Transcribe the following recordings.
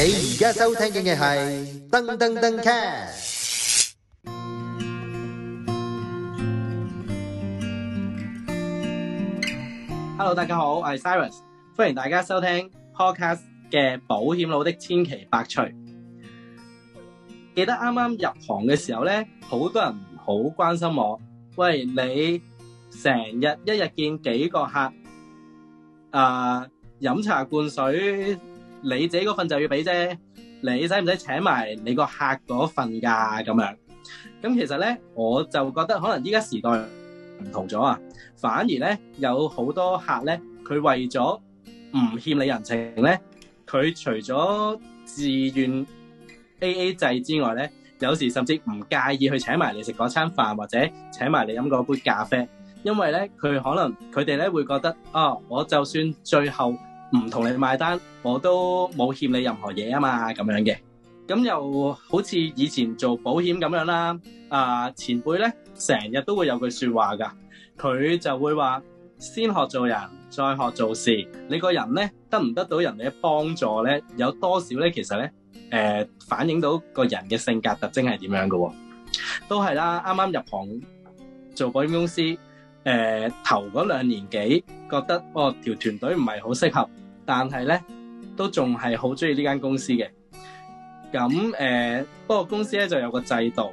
你而家收聽緊嘅係噔噔噔 cast。Hello，大家好，我係 Syrus，歡迎大家收聽 Podcast 嘅保險佬的千奇百趣。記得啱啱入行嘅時候咧，好多人好關心我。喂，你成日一日見幾個客？誒，飲茶灌水。你自己嗰份就要俾啫，你使唔使請埋你個客嗰份㗎咁樣？咁其實咧，我就覺得可能依家時代唔同咗啊，反而咧有好多客咧，佢為咗唔欠你人情咧，佢除咗自願 AA 制之外咧，有時甚至唔介意去請埋你食嗰餐飯或者請埋你飲嗰杯咖啡，因為咧佢可能佢哋咧會覺得啊、哦，我就算最後，唔同你買單，我都冇欠你任何嘢啊嘛，咁樣嘅。咁又好似以前做保險咁樣啦，啊、呃、前輩咧成日都會有句說話噶，佢就會話先學做人，再學做事。你個人咧得唔得到人哋嘅幫助咧，有多少咧，其實咧、呃、反映到個人嘅性格特徵係點樣㗎喎？都係啦，啱啱入行做保險公司，誒頭嗰兩年幾。覺得哦條團隊唔係好適合，但係咧都仲係好鍾意呢間公司嘅。咁誒，不過公司咧就有個制度，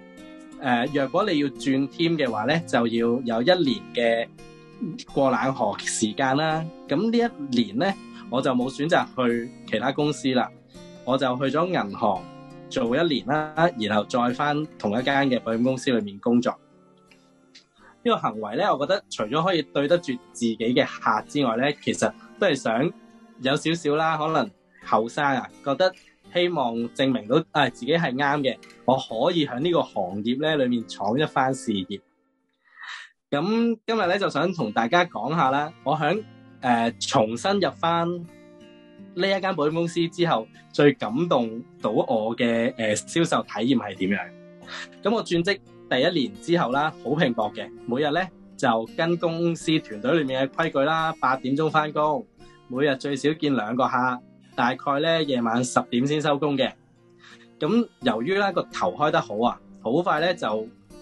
誒若果你要轉 team 嘅話咧，就要有一年嘅過冷河時間啦。咁呢一年咧，我就冇選擇去其他公司啦，我就去咗銀行做一年啦，然後再返同一間嘅保險公司裏面工作。呢、個行為咧，我覺得除咗可以對得住自己嘅客之外咧，其實都係想有少少啦。可能後生啊，覺得希望證明到啊自己係啱嘅，我可以喺呢個行業咧裏面闖一番事業。咁今日咧就想同大家講下啦，我喺誒重新入翻呢一間保險公司之後，最感動到我嘅誒銷售體驗係點樣？咁我轉職第一年之後啦，好拼搏嘅，每日咧就跟公司團隊裏面嘅規矩啦，八點鐘翻工，每日最少見兩個客，大概咧夜晚十點先收工嘅。咁由於咧個頭開得好啊，好快咧就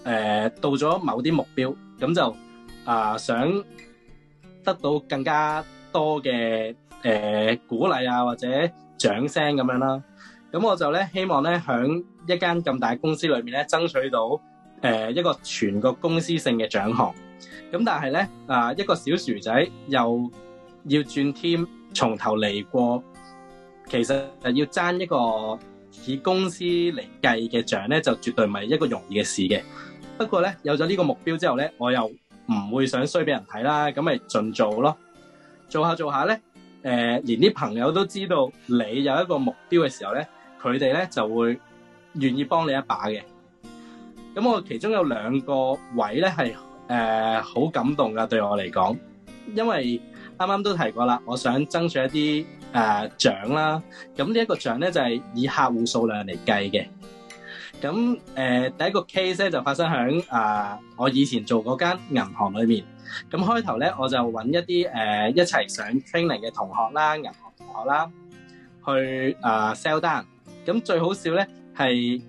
誒到咗某啲目標，咁就啊想得到更加多嘅誒鼓勵啊或者掌聲咁樣啦。咁我就咧希望咧喺一間咁大公司裏面咧爭取到。誒一個全個公司性嘅獎項，咁但係咧啊，一個小薯仔又要轉 team，從頭嚟過，其實要爭一個以公司嚟計嘅獎咧，就絕對唔係一個容易嘅事嘅。不過咧，有咗呢個目標之後咧，我又唔會想衰俾人睇啦，咁咪盡做咯，做下做下咧，誒，連啲朋友都知道你有一個目標嘅時候咧，佢哋咧就會願意幫你一把嘅。咁我其中有兩個位咧係誒好感動噶，對我嚟講，因為啱啱都提過啦，我想爭取一啲誒獎啦。咁呢一個獎咧就係以客戶數量嚟計嘅。咁誒第一個 case 咧就發生喺啊我以前做嗰間銀行裏面。咁開頭咧我就揾一啲誒一齊上 training 嘅同學啦，銀行同學啦，去啊 sell 單。咁最好笑咧係。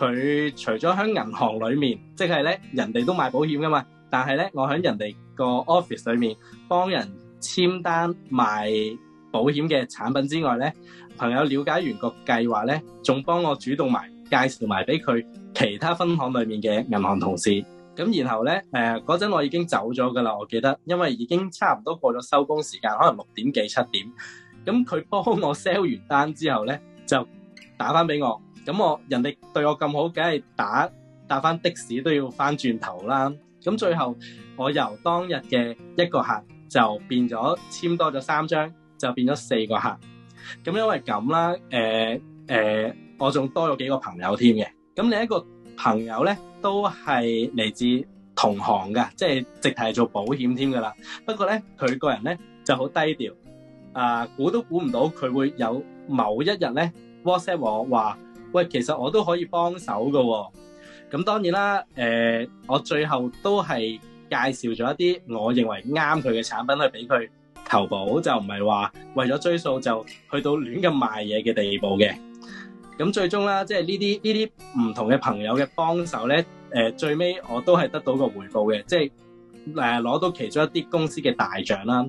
佢除咗喺銀行裏面，即係咧人哋都買保險噶嘛，但係咧我喺人哋個 office 裏面幫人簽單賣保險嘅產品之外咧，朋友了解完個計劃咧，仲幫我主動埋介紹埋俾佢其他分行裏面嘅銀行同事。咁然後咧，誒嗰陣我已經走咗噶啦，我記得，因為已經差唔多過咗收工時間，可能六點幾七點。咁佢幫我 sell 完單之後咧，就，打翻俾我，咁我，人哋對我咁好，梗係打打翻的士都要翻轉頭啦。咁最後我由當日嘅一個客就變咗簽多咗三張，就變咗四個客。咁因為咁啦，誒、呃、誒、呃，我仲多咗幾個朋友添嘅。咁另一個朋友咧都係嚟自同行噶，即係直係做保險添噶啦。不過咧佢個人咧就好低調，啊估都估唔到佢會有某一日咧。WhatsApp 我話：喂，其實我都可以幫手㗎喎。咁當然啦、呃，我最後都係介紹咗一啲我認為啱佢嘅產品去俾佢投保，就唔係話為咗追數就去到亂咁賣嘢嘅地步嘅。咁最終啦，即係呢啲呢啲唔同嘅朋友嘅幫手咧、呃，最尾我都係得到個回報嘅，即係攞到其中一啲公司嘅大獎啦。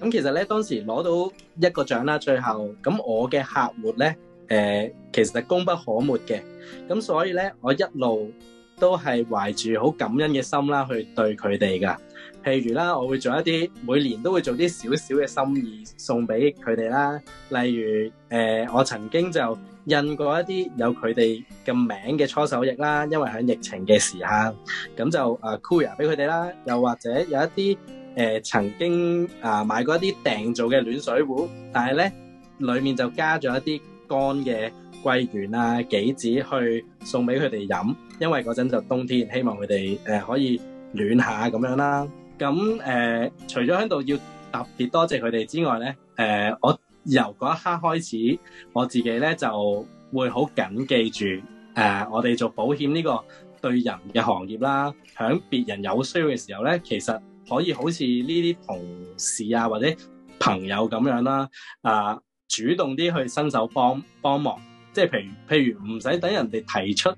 咁其實咧，當時攞到一個獎啦，最後咁我嘅客戶咧。誒，其實功不可沒嘅，咁所以咧，我一路都係懷住好感恩嘅心啦，去對佢哋噶。譬如啦，我會做一啲，每年都會做啲少少嘅心意送俾佢哋啦。例如，誒，我曾經就印過一啲有佢哋嘅名嘅搓手液啦，因為喺疫情嘅時候，咁就誒 Cooler 俾佢哋啦。又或者有一啲，誒，曾經啊買過一啲訂造嘅暖水壺，但係咧裏面就加咗一啲。乾嘅桂圓啊、杞子去送俾佢哋飲，因為嗰陣就冬天，希望佢哋誒可以暖下咁樣啦、啊。咁誒、呃，除咗喺度要特別多謝佢哋之外咧，誒、呃，我由嗰一刻開始，我自己咧就會好緊記住誒、呃，我哋做保險呢個對人嘅行業啦，響別人有需要嘅時候咧，其實可以好似呢啲同事啊或者朋友咁樣啦啊。呃主動啲去伸手幫幫忙，即係譬如譬如唔使等人哋提出，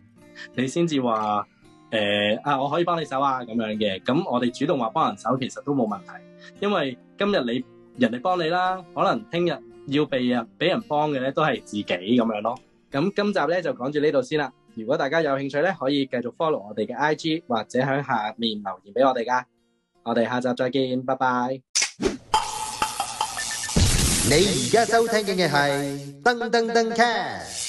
你先至話誒啊我可以幫你手啊咁樣嘅。咁我哋主動話幫人手其實都冇問題，因為今日你人哋幫你啦，可能聽日要被，被人俾人幫嘅咧都係自己咁樣咯。咁今集咧就講住呢度先啦。如果大家有興趣咧，可以繼續 follow 我哋嘅 IG 或者喺下面留言俾我哋㗎。我哋下集再見，拜拜。你而家收聽嘅係噔噔噔 cat